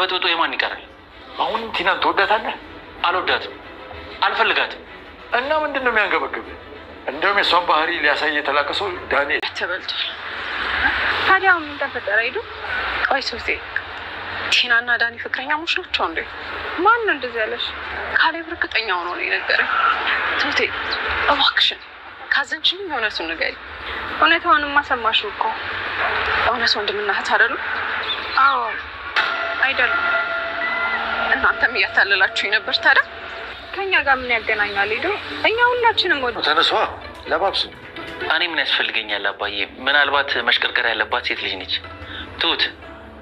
ተበጥብጦ የማን ይቀራል? አሁን ቲናን ትወዳታለህ? አልወዳትም፣ አልፈልጋትም። እና ምንድን ነው የሚያንገበግብ? እንደውም የእሷን ባህሪ ሊያሳይ የተላከ ሰው ዳንኤል ተበልቷል። ታዲያ ምን ተፈጠረ? ሂዱ ቆይ ሶሴ፣ ቲናና ዳኒ ፍቅረኛሞች ናቸው እንዴ? ማን ነው እንደዚህ ያለሽ? ካሌብ እርግጠኛ ሆኖ ነው የነገረኝ። ቶቴ እባክሽን ካዘንሽን የእውነቱን ንገሪ። እውነቷንማ ሰማሽው እኮ እውነት ወንድምና እህት አይደሉም? አዎ አይደሉም። እናንተም እያታለላችሁ ነበር። ታዲያ ከእኛ ጋር ምን ያገናኛል? ሄዶ እኛ ሁላችንም ወደ ተነሷ ለባብስ እኔ ምን ያስፈልገኛል? አባዬ ምናልባት መሽቀርቀር ያለባት ሴት ልጅ ነች። ትሁት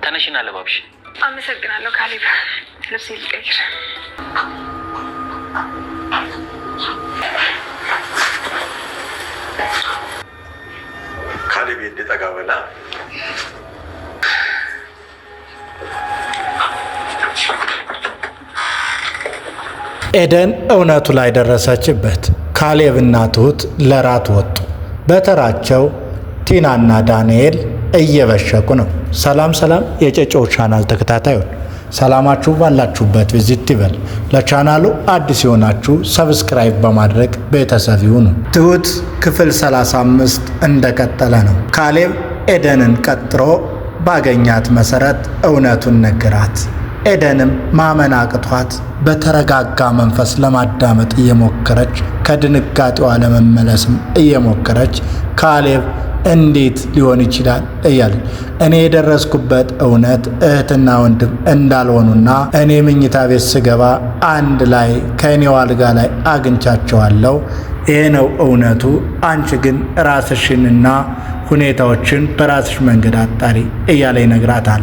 ተነሽና ለባብሽ። አመሰግናለሁ ካሌብ። ልብስ ልቀይር ኤደን እውነቱ ላይ ደረሰችበት። ካሌብና ትሁት ለራት ወጡ። በተራቸው ቲናና ዳንኤል እየበሸቁ ነው። ሰላም ሰላም፣ የጨጨው ቻናል ተከታታዮች ሰላማችሁ ባላችሁበት ቪዚት ይበል። ለቻናሉ አዲስ የሆናችሁ ሰብስክራይብ በማድረግ ቤተሰብ ይሁኑ። ትሁት ክፍል 35 እንደቀጠለ ነው። ካሌብ ኤደንን ቀጥሮ ባገኛት መሰረት እውነቱን ነገራት። ኤደንም ማመን አቅቷት በተረጋጋ መንፈስ ለማዳመጥ እየሞከረች ከድንጋጤዋ ለመመለስም እየሞከረች ካሌብ እንዴት ሊሆን ይችላል እያለች እኔ የደረስኩበት እውነት እህትና ወንድም እንዳልሆኑና እኔ ምኝታ ቤት ስገባ አንድ ላይ ከእኔው አልጋ ላይ አግኝቻቸዋለሁ። ይህ ነው እውነቱ። አንቺ ግን ራስሽንና ሁኔታዎችን በራስሽ መንገድ አጣሪ እያለ ይነግራታል።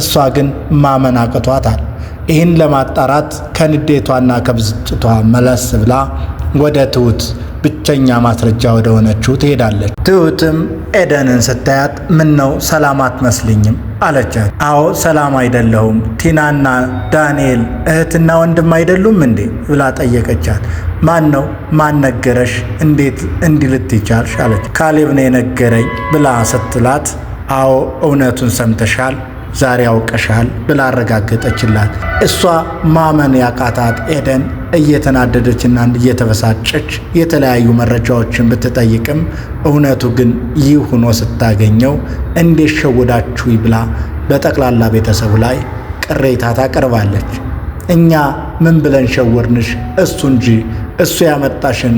እሷ ግን ማመን አቅቷታል። ይህን ለማጣራት ከንዴቷና ከብስጭቷ መለስ ብላ ወደ ትሁት ብቸኛ ማስረጃ ወደ ሆነችው ትሄዳለች። ትሁትም ኤደንን ስታያት ምን ነው ሰላም አትመስልኝም አለቻት። አዎ ሰላም አይደለሁም። ቲናና ዳንኤል እህትና ወንድም አይደሉም እንዴ ብላ ጠየቀቻት። ማን ነው ማን ነገረሽ? እንዴት እንዲልት ይቻልሽ? አለች። ካሌብ ነው የነገረኝ ብላ ስትላት አዎ እውነቱን ሰምተሻል ዛሬ አውቀሻል ብላ አረጋገጠችላት። እሷ ማመን ያቃታት ኤደን እየተናደደችና እየተበሳጨች የተለያዩ መረጃዎችን ብትጠይቅም እውነቱ ግን ይህ ሆኖ ስታገኘው እንዴት ሸወዳችሁ ብላ በጠቅላላ ቤተሰቡ ላይ ቅሬታ ታቀርባለች። እኛ ምን ብለን ሸወድንሽ? እሱ እንጂ እሱ ያመጣሽን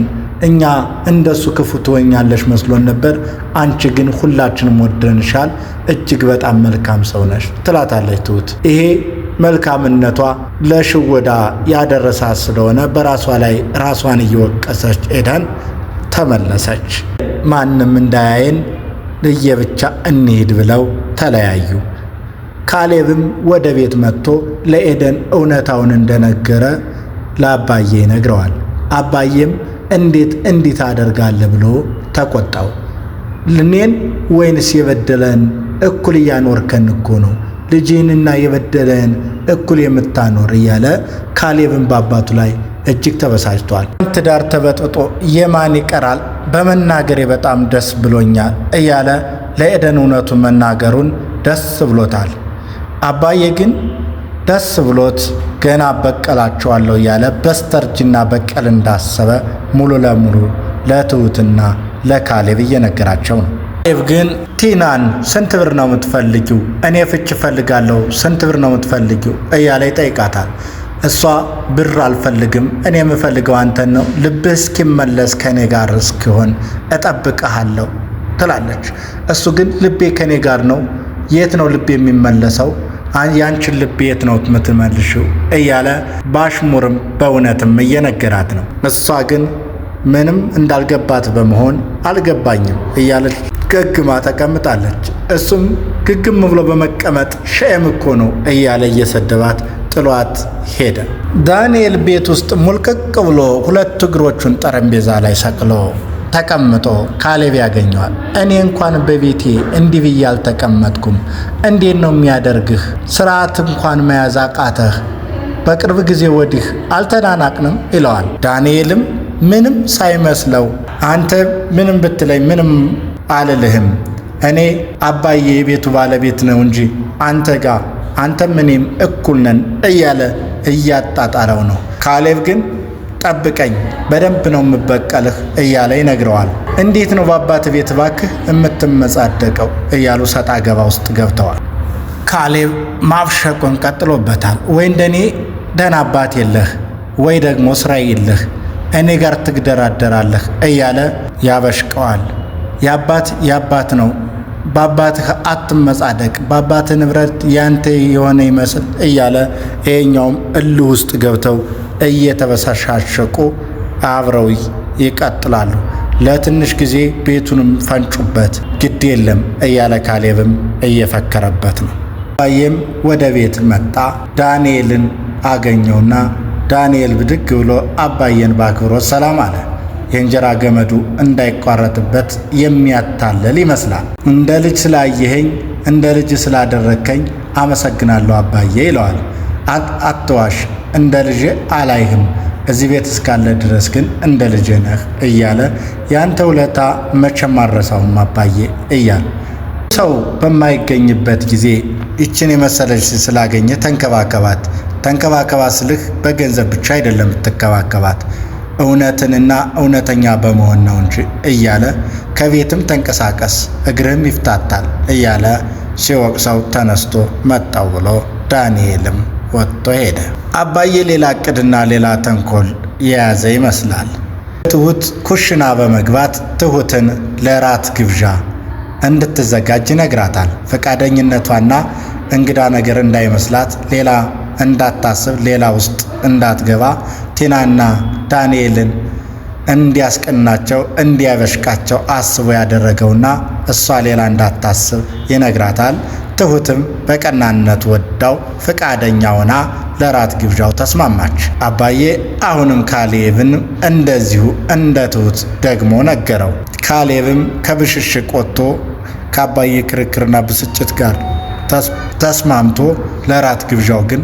እኛ እንደሱ ክፉ ትወኛለሽ መስሎን ነበር። አንቺ ግን ሁላችንም ወደንሻል፣ እጅግ በጣም መልካም ሰው ነሽ ትላታለች ትሁት። ይሄ መልካምነቷ ለሽወዳ ያደረሳት ስለሆነ በራሷ ላይ ራሷን እየወቀሰች ኤደን ተመለሰች። ማንም እንዳያየን ለየብቻ እንሄድ ብለው ተለያዩ። ካሌብም ወደ ቤት መጥቶ ለኤደን እውነታውን እንደነገረ ለአባዬ ይነግረዋል። አባዬም እንዴት እንዲት አደርጋለ ብሎ ተቆጣው። እኔን ወይንስ የበደለን እኩል እያኖርከን እኮ ነው ልጅህንና የበደለን እኩል የምታኖር እያለ ካሌብን በአባቱ ላይ እጅግ ተበሳጭቷል። ትዳር ተበጥጦ የማን ይቀራል? በመናገሬ በጣም ደስ ብሎኛል እያለ ለኤደን እውነቱን መናገሩን ደስ ብሎታል። አባዬ ግን ደስ ብሎት ገና በቀላቸዋለሁ እያለ በስተርጅና በቀል እንዳሰበ ሙሉ ለሙሉ ለትሁትና ለካሌብ እየነገራቸው ነው። ካሌብ ግን ቲናን ስንት ብር ነው የምትፈልጊው? እኔ ፍች እፈልጋለሁ፣ ስንት ብር ነው የምትፈልጊው? እያለ ይጠይቃታል። እሷ ብር አልፈልግም፣ እኔ የምፈልገው አንተን ነው። ልብህ እስኪመለስ ከእኔ ጋር እስኪሆን እጠብቀሃለሁ ትላለች። እሱ ግን ልቤ ከእኔ ጋር ነው። የት ነው ልቤ የሚመለሰው ያንችን ልብ የት ነው የምትመልሽው እያለ ባሽሙርም በእውነትም እየነገራት ነው። እሷ ግን ምንም እንዳልገባት በመሆን አልገባኝም እያለች ገግማ ተቀምጣለች። እሱም ግግም ብሎ በመቀመጥ ሸም እኮ ነው እያለ እየሰደባት ጥሏት ሄደ። ዳንኤል ቤት ውስጥ ሙልቅቅ ብሎ ሁለት እግሮቹን ጠረጴዛ ላይ ሰቅሎ ተቀምጦ ካሌብ ያገኘዋል። እኔ እንኳን በቤቴ እንዲህ ብዬ አልተቀመጥኩም። እንዴት ነው የሚያደርግህ? ስርዓት እንኳን መያዝ አቃተህ። በቅርብ ጊዜ ወዲህ አልተናናቅንም ይለዋል። ዳንኤልም ምንም ሳይመስለው አንተ ምንም ብትለኝ ምንም አልልህም። እኔ አባዬ የቤቱ ባለቤት ነው እንጂ አንተ ጋር አንተም እኔም እኩል ነን እያለ እያጣጣረው ነው። ካሌብ ግን ጠብቀኝ፣ በደንብ ነው የምበቀልህ እያለ ይነግረዋል። እንዴት ነው በአባት ቤት እባክህ የምትመጻደቀው እያሉ ሰጣ ገባ ውስጥ ገብተዋል። ካሌብ ማብሸቁን ቀጥሎበታል። ወይ እንደኔ ደህና አባት የለህ ወይ ደግሞ ስራ የለህ እኔ ጋር ትግደራደራለህ እያለ ያበሽቀዋል። የአባት የአባት ነው በአባትህ አትመጻደቅ፣ በአባትህ ንብረት ያንተ የሆነ ይመስል እያለ ይሄኛውም እልህ ውስጥ ገብተው እየተበሳሻሸቁ አብረው ይቀጥላሉ። ለትንሽ ጊዜ ቤቱንም ፈንጩበት፣ ግድ የለም እያለ ካሌብም እየፈከረበት ነው። ባየም ወደ ቤት መጣ። ዳንኤልን አገኘውና ዳንኤል ብድግ ብሎ አባየን በአክብሮት ሰላም አለ። የእንጀራ ገመዱ እንዳይቋረጥበት የሚያታለል ይመስላል። እንደ ልጅ ስላየኸኝ፣ እንደ ልጅ ስላደረግከኝ አመሰግናለሁ አባዬ ይለዋል። አትዋሽ እንደ ልጅ አላይህም፣ እዚህ ቤት እስካለ ድረስ ግን እንደ ልጅ ነህ እያለ ያንተ ውለታ መቼም አረሳውም አባዬ እያለ ሰው በማይገኝበት ጊዜ ይችን የመሰለች ስላገኘ ተንከባከባት። ተንከባከባት ስልህ በገንዘብ ብቻ አይደለም ትከባከባት እውነትንና እውነተኛ በመሆን ነው እንጂ እያለ ከቤትም ተንቀሳቀስ እግርህም ይፍታታል እያለ ሲወቅሰው ተነስቶ መጣው ብሎ ዳንኤልም ወጥቶ ሄደ። አባዬ ሌላ እቅድና ሌላ ተንኮል የያዘ ይመስላል። ትሁት ኩሽና በመግባት ትሁትን ለራት ግብዣ እንድትዘጋጅ ይነግራታል። ፈቃደኝነቷና እንግዳ ነገር እንዳይመስላት ሌላ እንዳታስብ ሌላ ውስጥ እንዳትገባ ቲናና ዳንኤልን እንዲያስቀናቸው እንዲያበሽቃቸው አስቦ ያደረገውና እሷ ሌላ እንዳታስብ ይነግራታል። ትሁትም በቀናነት ወዳው ፈቃደኛ ሆና ለራት ግብዣው ተስማማች። አባዬ አሁንም ካሌብን እንደዚሁ እንደ ትሁት ደግሞ ነገረው። ካሌብም ከብሽሽቅ ወጥቶ ከአባዬ ክርክርና ብስጭት ጋር ተስማምቶ ለራት ግብዣው ግን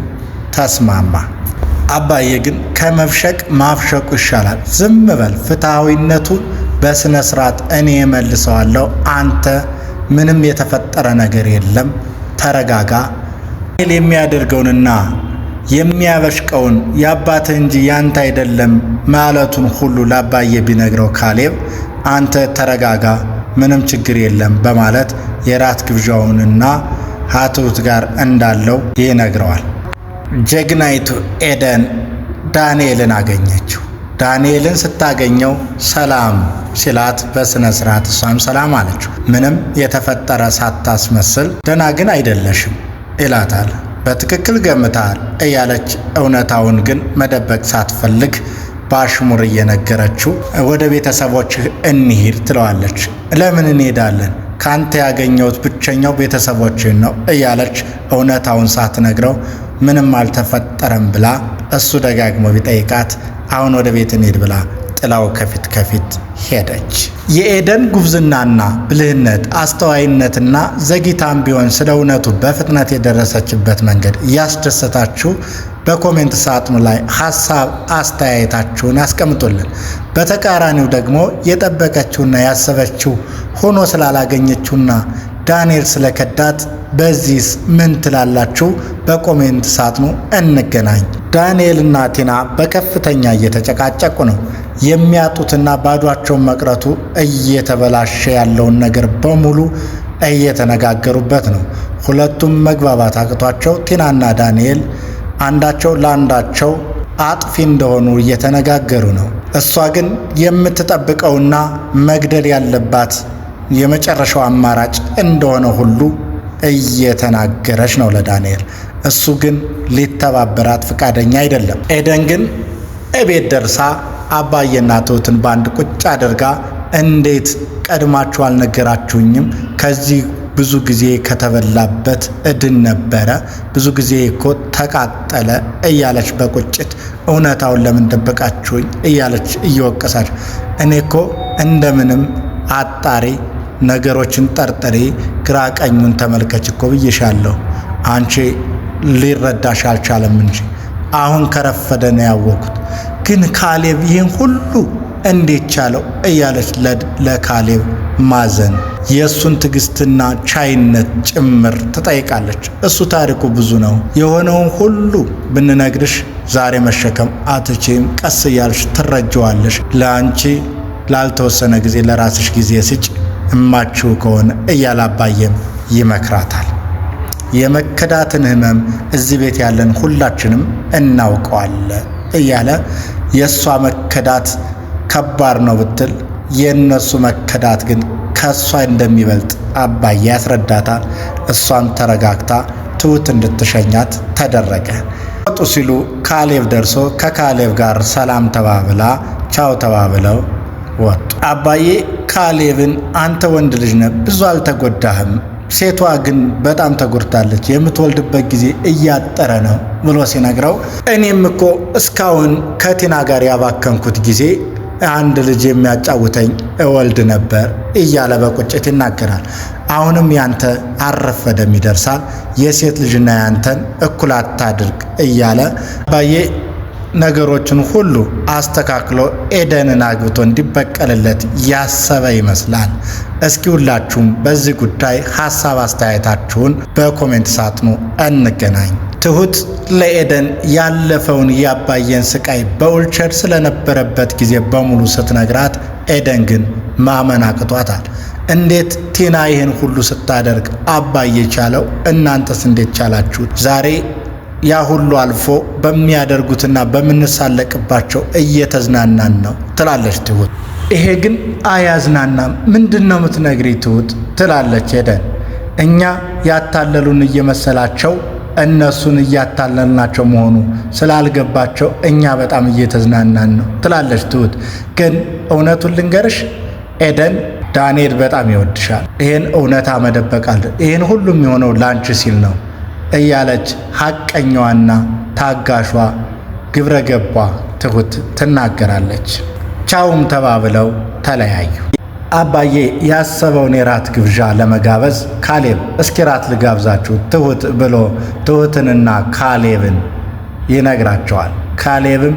ተስማማ። አባዬ ግን ከመብሸቅ ማፍሸቁ ይሻላል፣ ዝም በል፣ ፍትሐዊነቱ በስነ ስርዓት እኔ መልሰዋለሁ አንተ ምንም የተፈጠረ ነገር የለም፣ ተረጋጋ ኃይል የሚያደርገውንና የሚያበሽቀውን የአባትህ እንጂ ያንተ አይደለም ማለቱን ሁሉ ላባዬ ቢነግረው ካሌብ አንተ ተረጋጋ፣ ምንም ችግር የለም በማለት የራት ግብዣውንና ሀትሁት ጋር እንዳለው ይነግረዋል። ጀግናይቱ ኤደን ዳንኤልን አገኘችው። ዳንኤልን ስታገኘው ሰላም ሲላት በሥነ ሥርዓት እሷም ሰላም አለችው። ምንም የተፈጠረ ሳታስመስል ደና ግን አይደለሽም ይላታል። በትክክል ገምታል እያለች እውነታውን ግን መደበቅ ሳትፈልግ በአሽሙር እየነገረችው ወደ ቤተሰቦች እንሂድ ትለዋለች። ለምን እንሄዳለን? ካንተ ያገኘሁት ብቸኛው ቤተሰቦችን ነው እያለች እውነታውን ሳትነግረው ምንም አልተፈጠረም ብላ እሱ ደጋግሞ ቢጠይቃት አሁን ወደ ቤት እንሄድ ብላ ጥላው ከፊት ከፊት ሄደች። የኤደን ጉብዝናና ብልህነት አስተዋይነትና ዘግይታም ቢሆን ስለ እውነቱ በፍጥነት የደረሰችበት መንገድ እያስደሰታችሁ በኮሜንት ሳጥኑ ላይ ሀሳብ አስተያየታችሁን አስቀምጡልን። በተቃራኒው ደግሞ የጠበቀችውና ያሰበችው ሆኖ ስላላገኘችውና ዳንኤል ስለከዳት በዚህስ ምን ትላላችሁ? በኮሜንት ሳጥኑ እንገናኝ። ዳንኤልና ቲና በከፍተኛ እየተጨቃጨቁ ነው። የሚያጡትና ባዷቸውን መቅረቱ እየተበላሸ ያለውን ነገር በሙሉ እየተነጋገሩበት ነው። ሁለቱም መግባባት አቅቷቸው ቲናና ዳንኤል አንዳቸው ለአንዳቸው አጥፊ እንደሆኑ እየተነጋገሩ ነው። እሷ ግን የምትጠብቀውና መግደል ያለባት የመጨረሻው አማራጭ እንደሆነ ሁሉ እየተናገረች ነው ለዳንኤል። እሱ ግን ሊተባበራት ፈቃደኛ አይደለም። ኤደን ግን እቤት ደርሳ አባዬና ትሁትን በአንድ ቁጭ አድርጋ እንዴት ቀድማችሁ አልነገራችሁኝም? ከዚህ ብዙ ጊዜ ከተበላበት እድን ነበረ። ብዙ ጊዜ እኮ ተቃጠለ እያለች በቁጭት እውነታውን ለምን ደበቃችሁኝ እያለች እየወቀሳች እኔ እኮ እንደምንም አጣሪ ነገሮችን ጠርጥሬ ግራ ቀኙን ተመልከች እኮ ብዬሻለሁ። አንቺ ሊረዳሽ አልቻለም እንጂ አሁን ከረፈደ ነው ያወቅኩት። ግን ካሌብ ይህን ሁሉ እንዴት ቻለው እያለች ለካሌብ ማዘን የእሱን ትዕግስትና ቻይነት ጭምር ትጠይቃለች። እሱ ታሪኩ ብዙ ነው። የሆነውን ሁሉ ብንነግርሽ ዛሬ መሸከም አትችም። ቀስ እያልሽ ትረጀዋለሽ። ለአንቺ ላልተወሰነ ጊዜ ለራስሽ ጊዜ ስጭ እማችሁ ከሆነ እያለ አባዬም ይመክራታል። የመከዳትን ህመም እዚህ ቤት ያለን ሁላችንም እናውቀዋለን እያለ የእሷ መከዳት ከባድ ነው ብትል የእነሱ መከዳት ግን ከእሷ እንደሚበልጥ አባዬ ያስረዳታል። እሷም ተረጋግታ ትሁት እንድትሸኛት ተደረገ። ወጡ ሲሉ ካሌብ ደርሶ ከካሌብ ጋር ሰላም ተባብላ ቻው ተባብለው ወጡ። አባዬ ካሌብን አንተ ወንድ ልጅ ነህ፣ ብዙ አልተጎዳህም፣ ሴቷ ግን በጣም ተጎድታለች፣ የምትወልድበት ጊዜ እያጠረ ነው ብሎ ሲነግረው እኔም እኮ እስካሁን ከቲና ጋር ያባከንኩት ጊዜ አንድ ልጅ የሚያጫውተኝ እወልድ ነበር እያለ በቁጭት ይናገራል። አሁንም ያንተ አረፈደም ይደርሳል፣ የሴት ልጅና ያንተን እኩል አታድርግ እያለ አባዬ ነገሮችን ሁሉ አስተካክሎ ኤደንን አግብቶ እንዲበቀልለት ያሰበ ይመስላል። እስኪ ሁላችሁም በዚህ ጉዳይ ሀሳብ አስተያየታችሁን በኮሜንት ሳጥኑ እንገናኝ። ትሁት ለኤደን ያለፈውን ያባየን ስቃይ በውልቸር ስለነበረበት ጊዜ በሙሉ ስትነግራት፣ ኤደን ግን ማመን አቅቷታል። እንዴት ቲና ይህን ሁሉ ስታደርግ አባዬ ቻለው? እናንተስ እንዴት ቻላችሁት? ዛሬ ያ ሁሉ አልፎ በሚያደርጉትና በምንሳለቅባቸው እየተዝናናን ነው ትላለች ትሁት። ይሄ ግን አያዝናናም። ምንድን ነው የምትነግሪ ትሁት ትላለች ሄደን። እኛ ያታለሉን እየመሰላቸው እነሱን እያታለልናቸው መሆኑ ስላልገባቸው እኛ በጣም እየተዝናናን ነው ትላለች ትሁት። ግን እውነቱን ልንገርሽ ኤደን ዳንኤል በጣም ይወድሻል። ይህን እውነታ መደበቃል። ይህን ሁሉም የሆነው ላንቺ ሲል ነው እያለች ሐቀኛዋና ታጋሿ ግብረ ገቧ ትሁት ትናገራለች። ቻውም ተባብለው ተለያዩ። አባዬ ያሰበውን የራት ግብዣ ለመጋበዝ ካሌብ እስኪ ራት ልጋብዛችሁ ትሁት ብሎ ትሁትንና ካሌብን ይነግራቸዋል። ካሌብም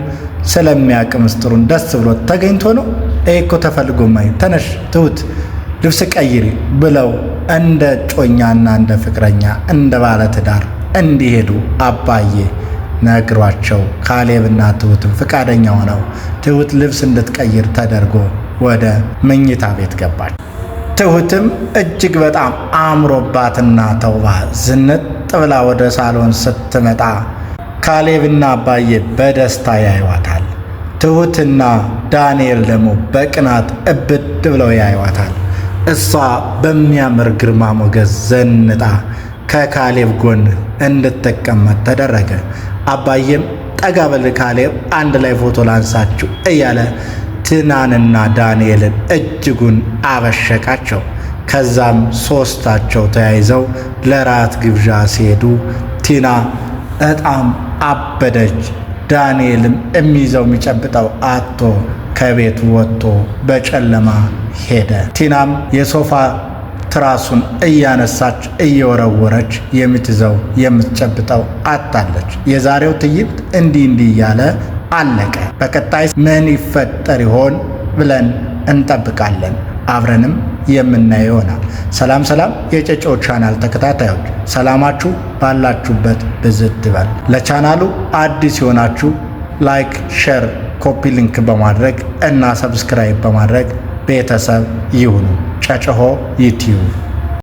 ስለሚያቅ ምስጢሩን ደስ ብሎ ተገኝቶ ነው እኮ ተፈልጎ ማይ ተነሽ ትሁት ልብስ ቀይሪ ብለው እንደ ጮኛና እንደ ፍቅረኛ እንደ ባለ ትዳር እንዲሄዱ አባዬ ነግሯቸው ካሌብና ትሁትም ፍቃደኛ ሆነው ትሁት ልብስ እንድትቀይር ተደርጎ ወደ መኝታ ቤት ገባች። ትሁትም እጅግ በጣም አምሮባትና ተውባ ዝንጥ ብላ ወደ ሳሎን ስትመጣ ካሌብና አባዬ በደስታ ያይዋታል። ትሁትና ዳንኤል ደግሞ በቅናት እብድ ብለው ያይዋታል። እሷ በሚያምር ግርማ ሞገስ ዘንጣ ከካሌብ ጎን እንድትቀመጥ ተደረገ። አባዬም ጠጋ በል ካሌብ፣ አንድ ላይ ፎቶ ላንሳችሁ እያለ ትናንና ዳንኤልን እጅጉን አበሸቃቸው። ከዛም ሶስታቸው ተያይዘው ለራት ግብዣ ሲሄዱ ቲና በጣም አበደች። ዳንኤልም የሚይዘው የሚጨብጠው አቶ ከቤት ወጥቶ በጨለማ ሄደ። ቲናም የሶፋ ትራሱን እያነሳች እየወረወረች የምትዘው የምትጨብጠው አጣለች። የዛሬው ትዕይንት እንዲህ እንዲህ እያለ አለቀ። በቀጣይ ምን ይፈጠር ይሆን ብለን እንጠብቃለን። አብረንም የምናየው ይሆናል። ሰላም ሰላም፣ የጨጨው ቻናል ተከታታዮች ሰላማችሁ ባላችሁበት ብዝት ይበል። ለቻናሉ አዲስ የሆናችሁ ላይክ፣ ሼር ኮፒ ሊንክ በማድረግ እና ሰብስክራይብ በማድረግ ቤተሰብ ይሁኑ። ጨጨሆ ዩቲዩብ